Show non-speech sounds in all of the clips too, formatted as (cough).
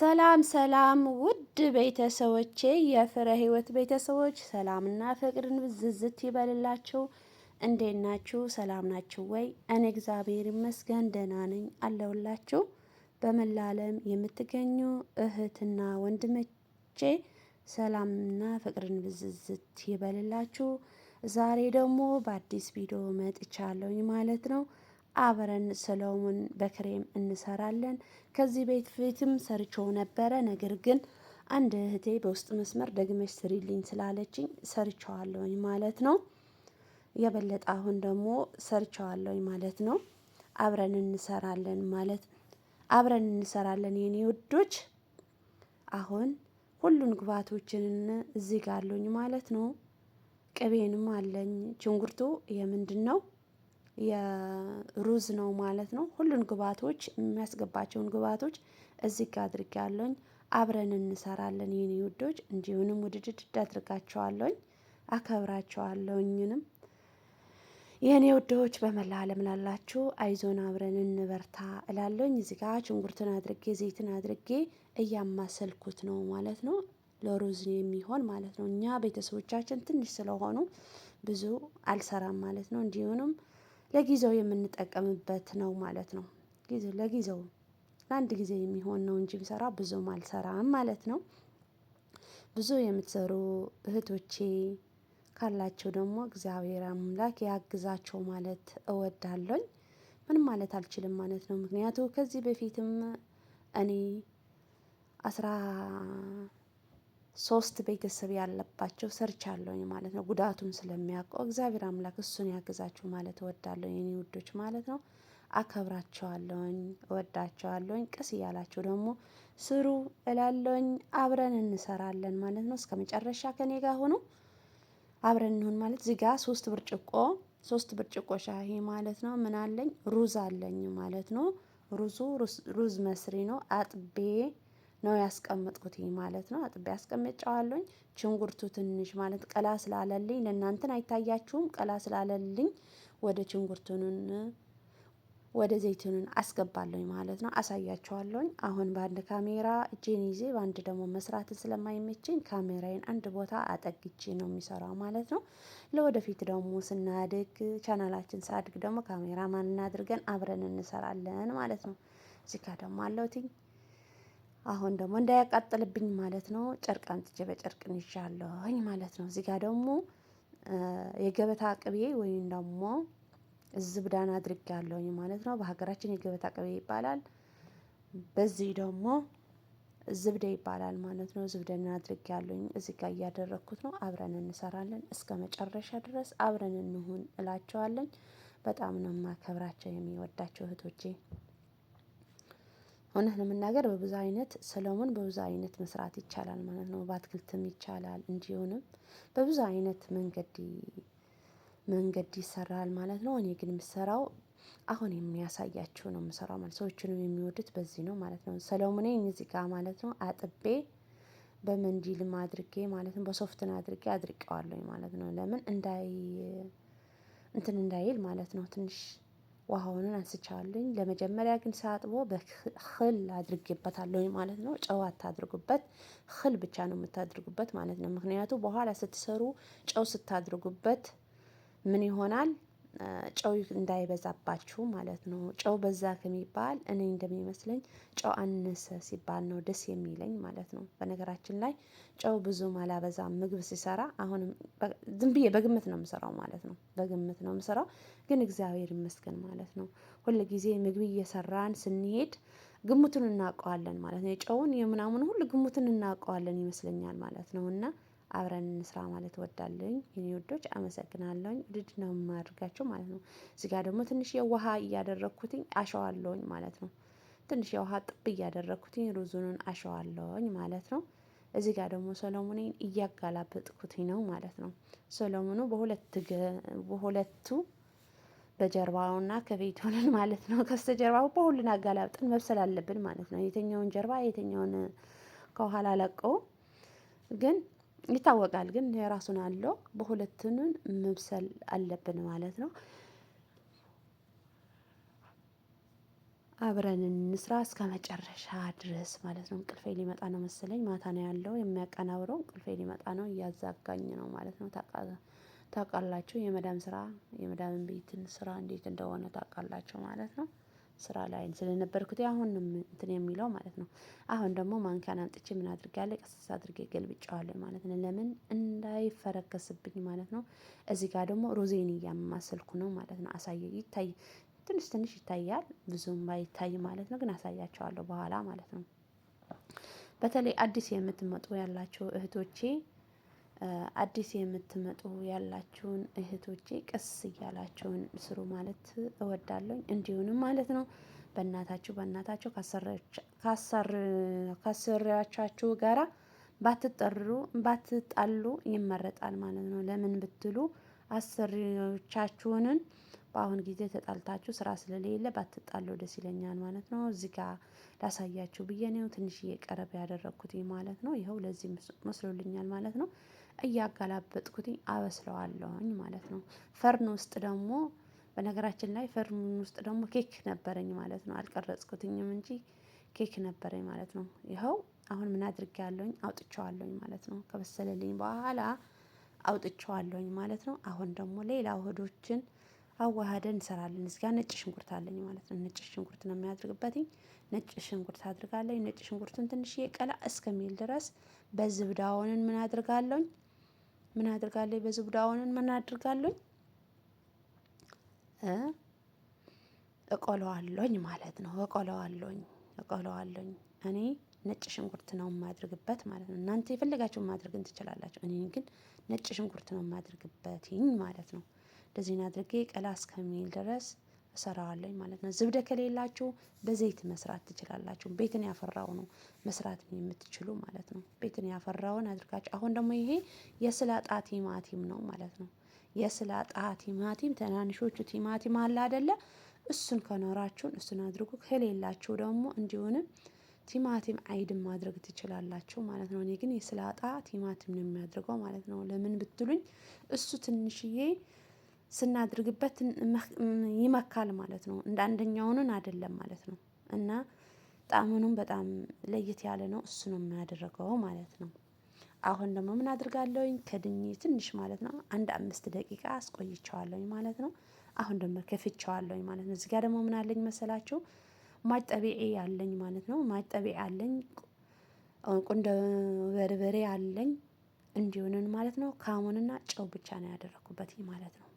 ሰላም ሰላም ውድ ቤተሰቦቼ የፍሬ ህይወት ቤተሰቦች ሰላምና ፍቅርን ብዝዝት ይበልላችሁ። እንዴት ናችሁ? ሰላም ናችሁ ወይ? እኔ እግዚአብሔር ይመስገን ደህና ነኝ አለሁላችሁ። በመላ ዓለም የምትገኙ እህትና ወንድሞቼ ሰላምና ፍቅርን ብዝዝት ይበልላችሁ። ዛሬ ደግሞ በአዲስ ቪዲዮ መጥቻለሁኝ ማለት ነው። አብረን ስለውምን በክሬም እንሰራለን። ከዚህ ቤት ፊትም ሰርቸው ነበረ። ነገር ግን አንድ እህቴ በውስጥ መስመር ደግመሽ ስሪልኝ ስላለችኝ ሰርቸዋለሁኝ ማለት ነው። የበለጠ አሁን ደግሞ ሰርቸዋለሁኝ ማለት ነው። አብረን እንሰራለን ማለት አብረን እንሰራለን የኔ ውዶች። አሁን ሁሉን ግብአቶችንን እዚህ ጋር አሉኝ ማለት ነው። ቅቤንም አለኝ። ሽንኩርቱ የምንድን ነው? የሩዝ ነው ማለት ነው። ሁሉን ግብአቶች የሚያስገባቸውን ግብአቶች እዚህ ጋር አድርጌያለሁኝ። አብረን እንሰራለን የኔ ውዶች። እንዲሁንም ውድድድ አድርጋቸዋለሁኝ፣ አከብራቸዋለሁኝንም የእኔ ውዶች በመላ ዓለም ላላችሁ አይዞን አብረን እንበርታ እላለሁኝ። እዚህ ጋር ሽንኩርትን አድርጌ ዘይትን አድርጌ እያማሰልኩት ነው ማለት ነው ለሩዝ የሚሆን ማለት ነው። እኛ ቤተሰቦቻችን ትንሽ ስለሆኑ ብዙ አልሰራም ማለት ነው። እንዲሁንም ለጊዜው የምንጠቀምበት ነው ማለት ነው። ጊዜ ለጊዜው ለአንድ ጊዜ የሚሆን ነው እንጂ ብሰራ ብዙም አልሰራም ማለት ነው። ብዙ የምትሰሩ እህቶቼ ካላቸው ደግሞ እግዚአብሔር አምላክ ያግዛቸው ማለት እወዳለኝ። ምንም ማለት አልችልም ማለት ነው። ምክንያቱ ከዚህ በፊትም እኔ አስራ ሶስት ቤተሰብ ያለባቸው ሰርች አለውኝ ማለት ነው። ጉዳቱን ስለሚያውቀው እግዚአብሔር አምላክ እሱን ያግዛችሁ ማለት እወዳለሁ የኔ ውዶች ማለት ነው። አከብራቸዋለሁኝ፣ እወዳቸዋለሁኝ። ቀስ እያላችሁ ደግሞ ስሩ እላለሁኝ። አብረን እንሰራለን ማለት ነው። እስከ መጨረሻ ከኔ ጋር ሆኖ አብረን እንሁን ማለት እዚህ ጋር ሶስት ብርጭቆ ሶስት ብርጭቆ ሻሂ ማለት ነው። ምን አለኝ ሩዝ አለኝ ማለት ነው። ሩዙ ሩዝ መስሪ ነው አጥቤ ነው ያስቀመጥኩትኝ ማለት ነው። አጥቤ ያስቀመጨዋለኝ። ሽንኩርቱ ትንሽ ማለት ቀላ ስላለልኝ ለእናንተን አይታያችሁም። ቀላ ስላለልኝ ወደ ሽንኩርቱንን ወደ ዘይቱንን አስገባለኝ ማለት ነው። አሳያችኋለኝ። አሁን በአንድ ካሜራ እጄን ይዜ በአንድ ደግሞ መስራትን ስለማይመችኝ ካሜራዬን አንድ ቦታ አጠግቼ ነው የሚሰራው ማለት ነው። ለወደፊት ደግሞ ስናድግ ቻናላችን ሳድግ ደግሞ ካሜራማን እናድርገን አብረን እንሰራለን ማለት ነው። እዚህ ጋር ደግሞ አለውትኝ አሁን ደግሞ እንዳያቃጥልብኝ ማለት ነው ጨርቅ አንጥቼ በጨርቅ እንሻለሁኝ ማለት ነው። እዚህ ጋር ደግሞ የገበታ ቅቤ ወይም ደግሞ ዝብዳን ያለሁኝ ማለት ነው። በሀገራችን የገበታ ቅቤ ይባላል። በዚህ ደግሞ ዝብደ ይባላል ማለት ነው። ዝብደን ያለሁኝ እዚህ ጋር እያደረግኩት ነው። አብረን እንሰራለን እስከ መጨረሻ ድረስ አብረን እንሁን እላቸዋለን። በጣም ነው የማከብራቸው የሚወዳቸው እህቶቼ እውነት ለመናገር በብዙ አይነት ሰለሞን በብዙ አይነት መስራት ይቻላል ማለት ነው። በአትክልትም ይቻላል እንዲሁም በብዙ አይነት መንገድ መንገድ ይሰራል ማለት ነው። እኔ ግን የምሰራው አሁን የሚያሳያችሁ ነው የምሰራው ማለት ሰዎችንም የሚወዱት በዚህ ነው ማለት ነው። ሰለሙኔን እዚህ ጋር ማለት ነው አጥቤ በመንዲልም አድርጌ ማለት ነው በሶፍትን አድርጌ አድርቄዋለሁኝ ማለት ነው። ለምን እንዳይ እንትን እንዳይል ማለት ነው። ትንሽ ውሃውንን አንስቻዋለኝ። ለመጀመሪያ ግን ሳጥቦ በክል አድርጌበታለሁ ማለት ነው። ጨው አታድርጉበት፣ ክል ብቻ ነው የምታድርጉበት ማለት ነው። ምክንያቱ በኋላ ስትሰሩ ጨው ስታድርጉበት ምን ይሆናል? ጨው እንዳይበዛባችሁ ማለት ነው። ጨው በዛ ከሚባል እኔ እንደሚመስለኝ ጨው አነሰ ሲባል ነው ደስ የሚለኝ ማለት ነው። በነገራችን ላይ ጨው ብዙ አላበዛ ምግብ ሲሰራ፣ አሁንም ዝም ብዬ በግምት ነው የምሰራው ማለት ነው። በግምት ነው የምሰራው ግን እግዚአብሔር ይመስገን ማለት ነው። ሁል ጊዜ ምግብ እየሰራን ስንሄድ ግምቱን እናውቀዋለን ማለት ነው። የጨውን የምናምን ሁሉ ግምቱን እናውቀዋለን ይመስለኛል ማለት ነው እና አብረን እንስራ ማለት ወዳለኝ የኔ ውዶች፣ አመሰግናለሁኝ። ድድ ነው የማደርጋቸው ማለት ነው። እዚህ ጋር ደግሞ ትንሽ የውሃ እያደረግኩትኝ አሸዋለውኝ ማለት ነው። ትንሽ የውሃ ጥብ እያደረግኩትኝ ሩዙኑን አሸዋለውኝ ማለት ነው። እዚህ ጋር ደግሞ ሶሎሞኔን እያጋላበጥኩትኝ ነው ማለት ነው። ሰሎሙኑ በሁለቱ በጀርባውና ከፊት ሆነን ማለት ነው። ከስተጀርባው በሁሉን አጋላብጥን መብሰል አለብን ማለት ነው። የተኛውን ጀርባ የተኛውን ከኋላ ለቀው ግን ይታወቃል። ግን የራሱን አለው በሁለትንን መብሰል አለብን ማለት ነው። አብረን እንስራ እስከ መጨረሻ ድረስ ማለት ነው። እንቅልፌ ሊመጣ ነው መሰለኝ። ማታ ነው ያለው የሚያቀናብረው። እንቅልፌ ሊመጣ ነው፣ እያዛጋኝ ነው ማለት ነው። ታውቃላችሁ የመዳም ስራ የመዳም ቤትን ስራ እንዴት እንደሆነ ታውቃላችሁ ማለት ነው። ስራ ላይ ስለነበርኩት አሁን እንትን የሚለው ማለት ነው። አሁን ደግሞ ማንኪያን አምጥቼ ምን አድርጌያለሁ ቀስስ አድርጌ ገልብጬዋለሁ ማለት ነው። ለምን እንዳይፈረከስብኝ ማለት ነው። እዚህ ጋር ደግሞ ሮዜን እያማሰልኩ ነው ማለት ነው። አሳየ ይታይ ትንሽ ትንሽ ይታያል ብዙም ባይታይ ማለት ነው። ግን አሳያቸዋለሁ በኋላ ማለት ነው። በተለይ አዲስ የምትመጡ ያላቸው እህቶቼ አዲስ የምትመጡ ያላችሁን እህቶቼ ቀስ እያላችሁን ስሩ ማለት እወዳለሁ። እንዲሁንም ማለት ነው በእናታችሁ በእናታችሁ ካሰሪያቻችሁ ጋራ ባትጠሩ ባትጣሉ ይመረጣል ማለት ነው። ለምን ብትሉ አሰሪዎቻችሁንን በአሁን ጊዜ ተጣልታችሁ ስራ ስለሌለ ባትጣሉ ደስ ይለኛል ማለት ነው። እዚህ ጋ ላሳያችሁ ብዬ ነው ትንሽ እየቀረብ ያደረግኩት ማለት ነው። ይኸው ለዚህ መስሎልኛል ማለት ነው። እያገላበጥኩትኝ አበስለዋለሁኝ ማለት ነው። ፈርን ውስጥ ደግሞ በነገራችን ላይ ፈርን ውስጥ ደግሞ ኬክ ነበረኝ ማለት ነው። አልቀረጽኩትኝም እንጂ ኬክ ነበረኝ ማለት ነው። ይኸው አሁን ምን አድርጌያለሁኝ አውጥቼዋለሁኝ ማለት ነው። ከበሰለልኝ በኋላ አውጥቼዋለሁኝ ማለት ነው። አሁን ደግሞ ሌላ ውህዶችን አዋህደን እንሰራለን። እዚጋ ነጭ ሽንኩርት አለኝ ማለት ነው። ነጭ ሽንኩርት ነው የሚያድርግበትኝ። ነጭ ሽንኩርት አድርጋለኝ። ነጭ ሽንኩርቱን ትንሽ ቀላ እስከሚል ድረስ በዝብዳውንን ምን አድርጋለሁኝ ምን አድርጋለሁ? በዝጉዳ አሁንን ምን አድርጋለሁ? እቆለዋለሁኝ ማለት ነው። እቆለዋለሁኝ እቆለዋለሁኝ። እኔ ነጭ ሽንኩርት ነው የማድርግበት ማለት ነው። እናንተ የፈለጋችሁን ማድረግን ትችላላችሁ። እኔ ግን ነጭ ሽንኩርት ነው የማድርግበት ማለት ነው። እንደዚህ አድርጌ ቀላ እስከሚል ድረስ ሰራዋለኝ ማለት ነው። ዝብደ ከሌላችሁ በዘይት መስራት ትችላላችሁ። ቤትን ያፈራው ነው መስራት የምትችሉ ማለት ነው። ቤትን ያፈራውን አድርጋችሁ አሁን ደግሞ ይሄ የስላጣ ቲማቲም ነው ማለት ነው። የስላጣ ቲማቲም ትናንሾቹ ቲማቲም አለ አደለ? እሱን ከኖራችሁን እሱን አድርጉ። ከሌላችሁ ደግሞ እንዲሁንም ቲማቲም አይድም ማድረግ ትችላላችሁ ማለት ነው። እኔ ግን የስላጣ ቲማቲም ነው የሚያደርገው ማለት ነው። ለምን ብትሉኝ እሱ ትንሽዬ ስናድርግበት ይመካል ማለት ነው። እንደ አንደኛውንን አይደለም ማለት ነው። እና ጣዕሙንም በጣም ለየት ያለ ነው። እሱ ነው የሚያደርገው ማለት ነው። አሁን ደግሞ ምን አድርጋለሁኝ? ከድኜ ትንሽ ማለት ነው አንድ አምስት ደቂቃ አስቆይቸዋለሁኝ ማለት ነው። አሁን ደግሞ ከፍቸዋለሁኝ ማለት ነው። እዚጋ ደግሞ ምን አለኝ መሰላችሁ? ማጠቢዒ አለኝ ማለት ነው። ማጠቢዒ አለኝ፣ ቁንዶ በርበሬ አለኝ እንዲሁንን ማለት ነው። ካሙንና ጨው ብቻ ነው ያደረኩበት ማለት ነው።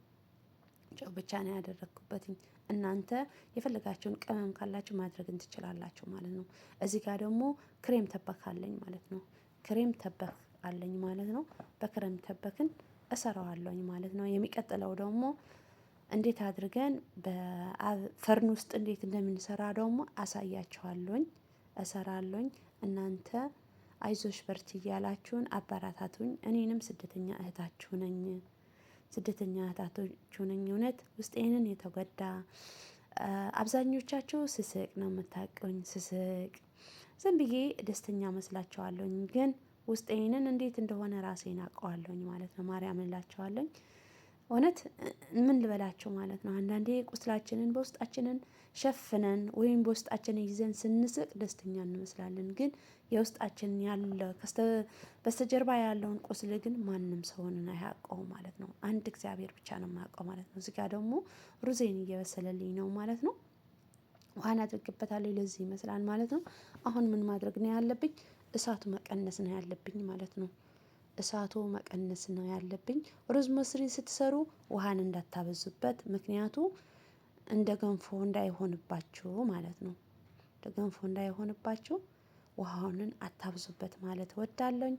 ጨው ብቻ ነው ያደረግኩበትኝ። እናንተ የፈለጋችሁን ቅመም ካላችሁ ማድረግን ትችላላችሁ ማለት ነው። እዚህ ጋር ደግሞ ክሬም ተበክ አለኝ ማለት ነው። ክሬም ተበክ አለኝ ማለት ነው። በክሬም ተበክን እሰራዋለኝ ማለት ነው። የሚቀጥለው ደግሞ እንዴት አድርገን በፈርን ውስጥ እንዴት እንደምንሰራ ደግሞ አሳያችኋለኝ፣ እሰራለኝ። እናንተ አይዞሽ በርቺ እያላችሁን አባራታቱኝ። እኔንም ስደተኛ እህታችሁ ነኝ። ስደተኛ እህታቶች ነኝ። እውነት ውስጤንን የተጎዳ አብዛኞቻችሁ ስስቅ ነው የምታውቁኝ። ስስቅ ዝም ብዬ ደስተኛ መስላችኋለሁኝ፣ ግን ውስጤንን እንዴት እንደሆነ ራሴን አውቀዋለሁኝ ማለት ነው። ማርያም እላችኋለሁኝ እውነት ምን ልበላቸው ማለት ነው። አንዳንዴ ቁስላችንን በውስጣችንን ሸፍነን ወይም በውስጣችንን ይዘን ስንስቅ ደስተኛ እንመስላለን፣ ግን የውስጣችን ያለ በስተጀርባ ያለውን ቁስል ግን ማንም ሰውንን አያውቀው ማለት ነው። አንድ እግዚአብሔር ብቻ ነው የማያውቀው ማለት ነው። እዚጋ ደግሞ ሩዜን እየበሰለልኝ ነው ማለት ነው። ውሃን አድርግበታለሁ። ለዚህ ይመስላል ማለት ነው። አሁን ምን ማድረግ ነው ያለብኝ? እሳቱ መቀነስ ነው ያለብኝ ማለት ነው። እሳቱ መቀነስ ነው ያለብኝ። ሩዝ መስሪ ስትሰሩ ውሃን እንዳታበዙበት፣ ምክንያቱ እንደ ገንፎ እንዳይሆንባችሁ ማለት ነው። እንደ ገንፎ እንዳይሆንባችሁ ውሃውንን አታብዙበት ማለት ወዳለኝ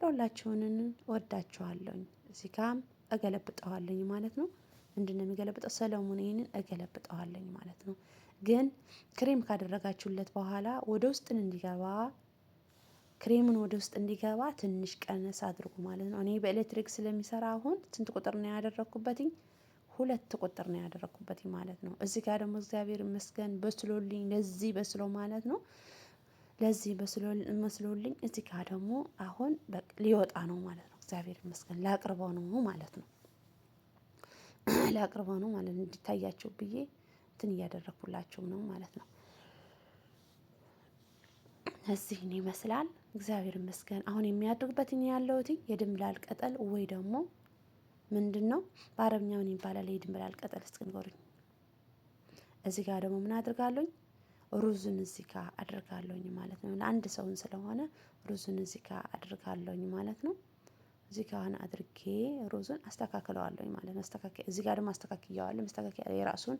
ለሁላችሁንን እወዳችኋለሁኝ እዚህ ጋም እገለብጠዋለኝ ማለት ነው። ነው የሚገለብጠው ሰለሙን ይህንን እገለብጠዋለኝ ማለት ነው። ግን ክሬም ካደረጋችሁለት በኋላ ወደ ውስጥ እንዲገባ ክሬምን ወደ ውስጥ እንዲገባ ትንሽ ቀነስ አድርጉ ማለት ነው። እኔ በኤሌክትሪክ ስለሚሰራ አሁን ስንት ቁጥር ነው ያደረኩበትኝ? ሁለት ቁጥር ነው ያደረኩበትኝ ማለት ነው። እዚህ ጋር ደግሞ እግዚአብሔር ይመስገን በስሎልኝ ለዚህ በስሎ ማለት ነው። ለዚህ መስሎልኝ እዚህ ጋ ደግሞ አሁን ሊወጣ ነው ማለት ነው። እግዚአብሔር ይመስገን ላቅርበው ነው ማለት ነው። (clears throat) ላቅርበው ነው ማለት ነው። እንዲታያቸው ብዬ እንትን እያደረግኩላቸው ነው ማለት ነው። እዚህን ይመስላል። እግዚአብሔር ይመስገን። አሁን የሚያድርበት እኔ ያለሁት የድንብላል ቅጠል ወይ ደግሞ ምንድን ነው በአረብኛ ምን ይባላል? የድንብላል ቅጠል እስክንጎርኝ እዚህ ጋር ደግሞ ምን አድርጋለኝ ሩዙን እዚህ ጋር አድርጋለሁኝ ማለት ነው። ለአንድ ሰውን ስለሆነ ሩዙን እዚህ ጋር አድርጋለሁኝ ማለት ነው። እዚህ ጋር አድርጌ ሩዙን አስተካክለዋለሁኝ ማለት ነው። አስተካክ እዚህ ጋር ደግሞ አስተካክያዋለሁ። መስተካከያ የራሱን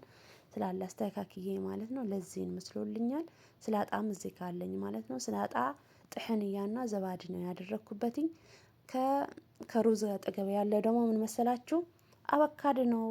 ስላለ አስተካክዬ ማለት ነው። ለዚህን መስሎልኛል። ስላጣም እዚህ ጋር አለኝ ማለት ነው። ስላጣ ጥሕንያና ዘባዲ ነው ያደረግኩበትኝ። ከሩዝ አጠገብ ያለ ደግሞ ምን መሰላችሁ? አቮካዶ ነው።